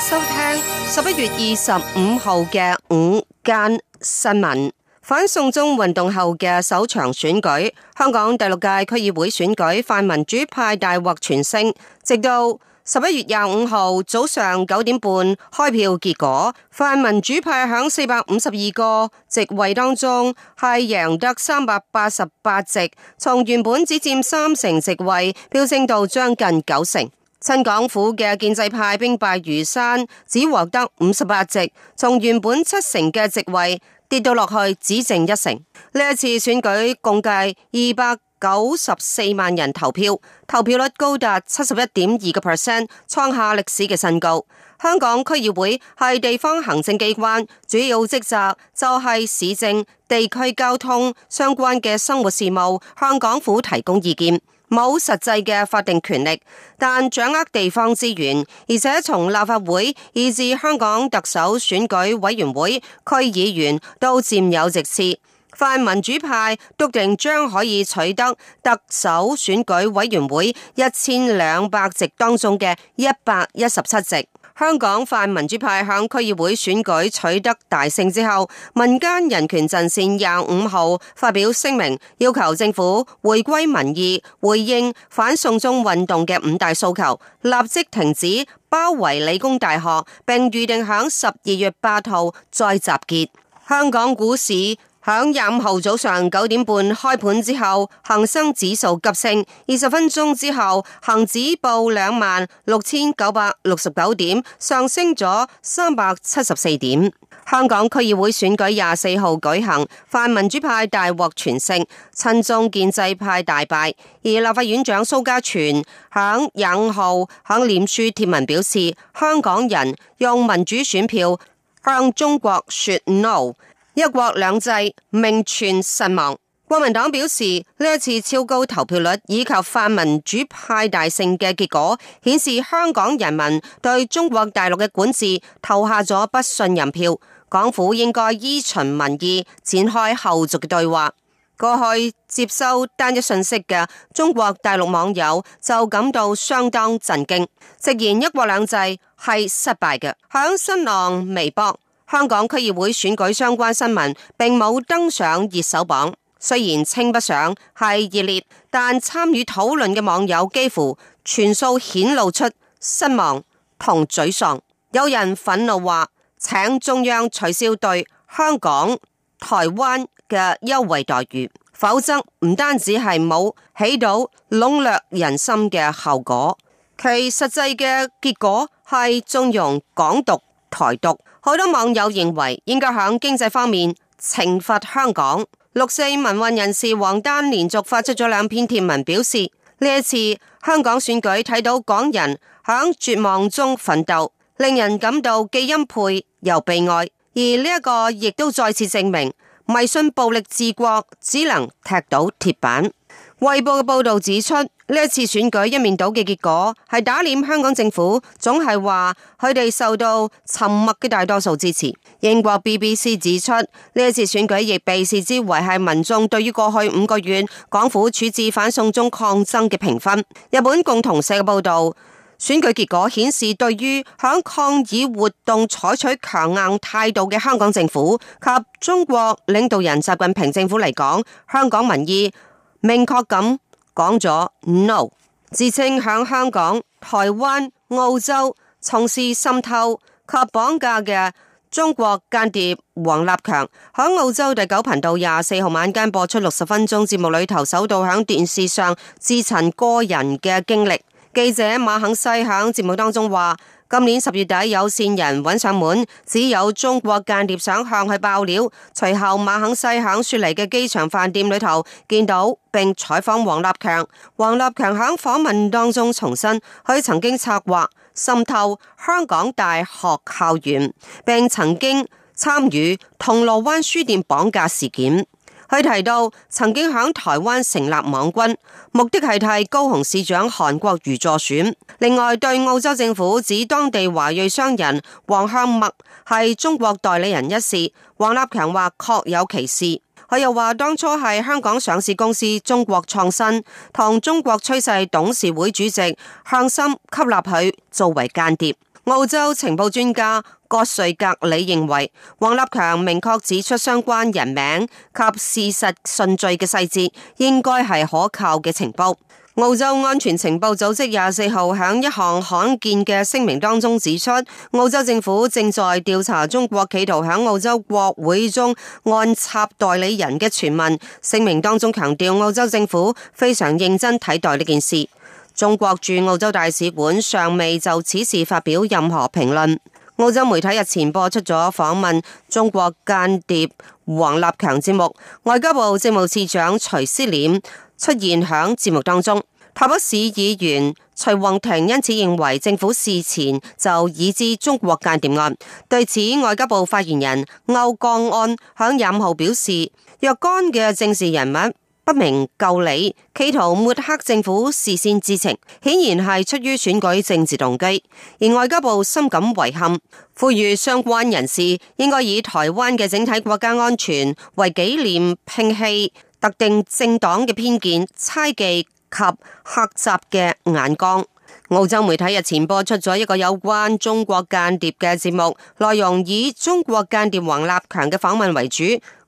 收聽十一月二十五號嘅午間新聞，反送中運動後嘅首場選舉，香港第六屆區議會選舉，泛民主派大獲全勝。直到十一月廿五號早上九點半開票結果，泛民主派響四百五十二個席位當中係贏得三百八十八席，從原本只佔三成席位飆升到將近九成。親港府嘅建制派兵敗如山，只獲得五十八席，從原本七成嘅席位跌到落去，只剩一成。呢一次選舉共計二百九十四萬人投票，投票率高達七十一點二個 percent，創下歷史嘅新高。香港區議會係地方行政機關，主要職責就係、是、市政、地區交通相關嘅生活事務，向港府提供意見。冇實際嘅法定權力，但掌握地方資源，而且從立法會以至香港特首選舉委員會區議員都佔有席次。泛民主派篤定將可以取得特首選舉委員會一千兩百席當中嘅一百一十七席。香港泛民主派向區議會選舉取得大勝之後，民間人權陣線廿五號發表聲明，要求政府回歸民意，回應反送中運動嘅五大訴求，立即停止包圍理工大學，並預定響十二月八號再集結。香港股市。響廿五號早上九點半開盤之後，恒生指數急升。二十分鐘之後，恒指報兩萬六千九百六十九點，上升咗三百七十四點。香港區議會選舉廿四號舉行，泛民主派大獲全勝，親中建制派大敗。而立法院長蘇嘉全響廿五號響臉書貼文表示：香港人用民主選票向中國說 no。一國兩制名存實亡。國民黨表示，呢一次超高投票率以及泛民主派大勝嘅結果，顯示香港人民對中國大陸嘅管治投下咗不信任票。港府應該依循民意展開後續嘅對話。過去接收單一信息嘅中國大陸網友就感到相當震驚，直言一國兩制係失敗嘅。響新浪微博，香港區議會選舉相關新聞並冇登上熱搜榜，雖然稱不上係熱烈，但參與討論嘅網友幾乎全數顯露出失望同沮喪。有人憤怒話，請中央取消對香港、台灣嘅優惠待遇，否則唔單止係冇起到籠絡人心嘅效果，其實際嘅結果係縱容港獨、台獨，好多網友認為應該喺經濟方面懲罰香港。六四民運人士王丹連續發出咗兩篇貼文，表示呢一次香港選舉睇到港人喺絕望中奮鬥，令人感到既欽佩又悲哀。而呢一個亦都再次證明迷信暴力治國只能踢到鐵板。衛報嘅報道指出。呢一次選舉一面倒嘅結果，係打臉香港政府總係話佢哋受到沉默嘅大多數支持。英國 BBC 指出，呢一次選舉亦被視之為係民眾對於過去五個月港府處置反送中抗爭嘅評分。日本共同社嘅報道，選舉結果顯示，對於響抗議活動採取強硬態度嘅香港政府及中國領導人習近平政府嚟講，香港民意明確咁。講咗 No，自稱響香港、台灣、澳洲從事滲透及綁架嘅中國間諜王立強，響澳洲第九頻道廿四號晚間播出六十分鐘節目裏頭，首度響電視上自陳個人嘅經歷。記者馬肯西響節目當中話。今年十月底有綫人搵上門，只有中國間諜想向佢爆料。隨後馬肯西響雪梨嘅機場飯店裏頭見到並，并採訪王立強。王立強響訪問當中重申，佢曾經策劃滲透香港大學校園，並曾經參與銅鑼灣書店綁架事件。佢提到曾經喺台灣成立網軍，目的係替高雄市長韓國瑜助選。另外，對澳洲政府指當地華裔商人黃向墨係中國代理人一事，王立強話確有其事。佢又話當初係香港上市公司中國創新同中國趨勢董事會主席向心吸納佢作為間諜。澳洲情報專家郭瑞格里認為，王立強明確指出相關人名及事實順序嘅細節，應該係可靠嘅情報。澳洲安全情報組織廿四號喺一項罕見嘅聲明當中指出，澳洲政府正在調查中國企圖喺澳洲國會中安插代理人嘅傳聞。聲明當中強調，澳洲政府非常認真睇待呢件事。中國駐澳洲大使館尚未就此事發表任何評論。澳洲媒體日前播出咗訪問中國間諜王立強節目，外交部政務次長徐斯儉出現響節目當中。台北市議員徐宏庭因此認為政府事前就已知中國間諜案。對此，外交部發言人歐江安響廿五日表示：若干嘅政治人物。不明就理，企圖抹黑政府事先知情，顯然係出於選舉政治動機。而外交部深感遺憾，呼籲相關人士應該以台灣嘅整體國家安全為紀念，摒棄特定政黨嘅偏見、猜忌及狹窄嘅眼光。澳洲媒體日前播出咗一個有關中國間諜嘅節目，內容以中國間諜王立強嘅訪問為主。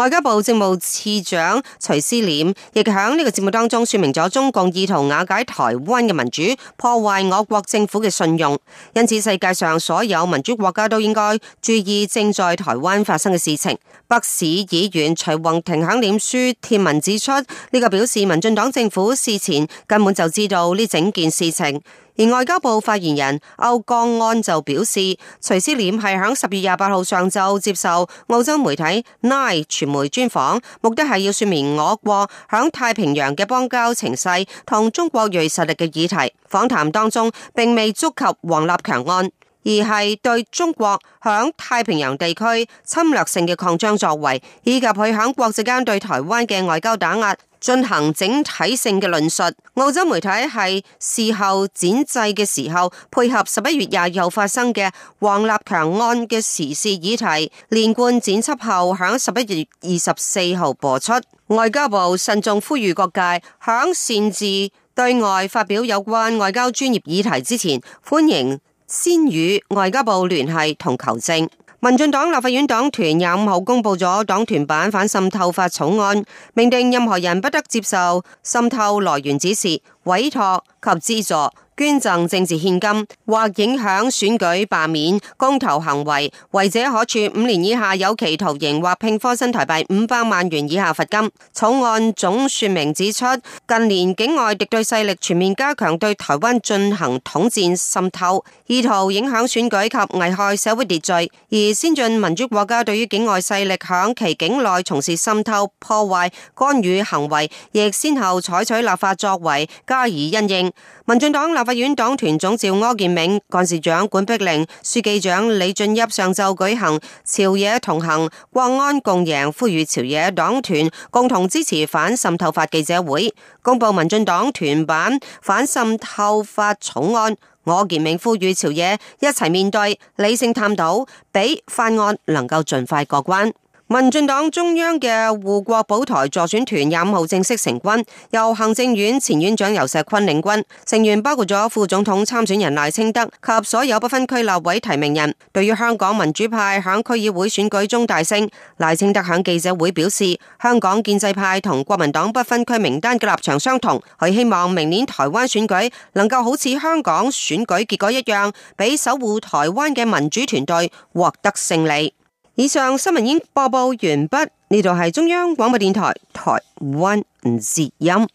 外交部政務次長徐斯儉亦響呢個節目當中說明咗中共意圖瓦解台灣嘅民主，破壞我國政府嘅信用，因此世界上所有民主國家都應該注意正在台灣發生嘅事情。北市議員徐弘庭響臉書貼文指出，呢、這個表示民進黨政府事前根本就知道呢整件事情。而外交部發言人歐江安就表示，徐斯儉係響十月廿八號上晝接受澳洲媒體 Nine 全。媒專訪目的係要說明我國響太平洋嘅邦交情勢同中國銳實力嘅議題，訪談當中並未觸及王立強案。而係對中國響太平洋地區侵略性嘅擴張作為，以及佢響國際間對台灣嘅外交打壓進行整體性嘅論述。澳洲媒體係事後剪製嘅時候，配合十一月廿二號發生嘅王立強案嘅時事議題，連貫剪輯後響十一月二十四號播出。外交部慎重呼籲各界響擅自對外發表有關外交專業議題之前，歡迎。先與外交部聯繫同求證。民進黨立法院黨團廿五號公布咗黨團版反滲透法草案，明定任何人不得接受滲透來源指示、委託及資助，捐贈政治獻金或影響選舉罷免公投行為，違者可處五年以下有期徒刑或併科新台幣五百萬元以下罰金。草案總說明指出，近年境外敵對勢力全面加強對台灣進行統戰滲透，意圖影響選舉及危害社會秩序。而先進民主國家對於境外勢力在其境內從事滲透破壞干預行為，亦先後採取立法作為加以因應。民進黨立法法院黨團總召柯建銘、幹事長管碧玲、書記長李俊逸上晝舉行朝野同行、國安共贏，呼籲朝野黨團共同支持反滲透法記者會，公布民進黨團版反滲透法草案。柯建銘呼籲朝野一齊面對，理性探討，俾法案能夠盡快過關。民進黨中央嘅護國保台助選團廿五號正式成軍，由行政院前院長尤石坤領軍，成員包括咗副總統參選人賴清德及所有不分區立委提名人。對於香港民主派喺區議會選舉中大勝，賴清德喺記者會表示，香港建制派同國民黨不分區名單嘅立場相同，佢希望明年台灣選舉能夠好似香港選舉結果一樣，俾守護台灣嘅民主團隊獲得勝利。以上新聞已經播報完畢，呢度係中央廣播電台台灣節音。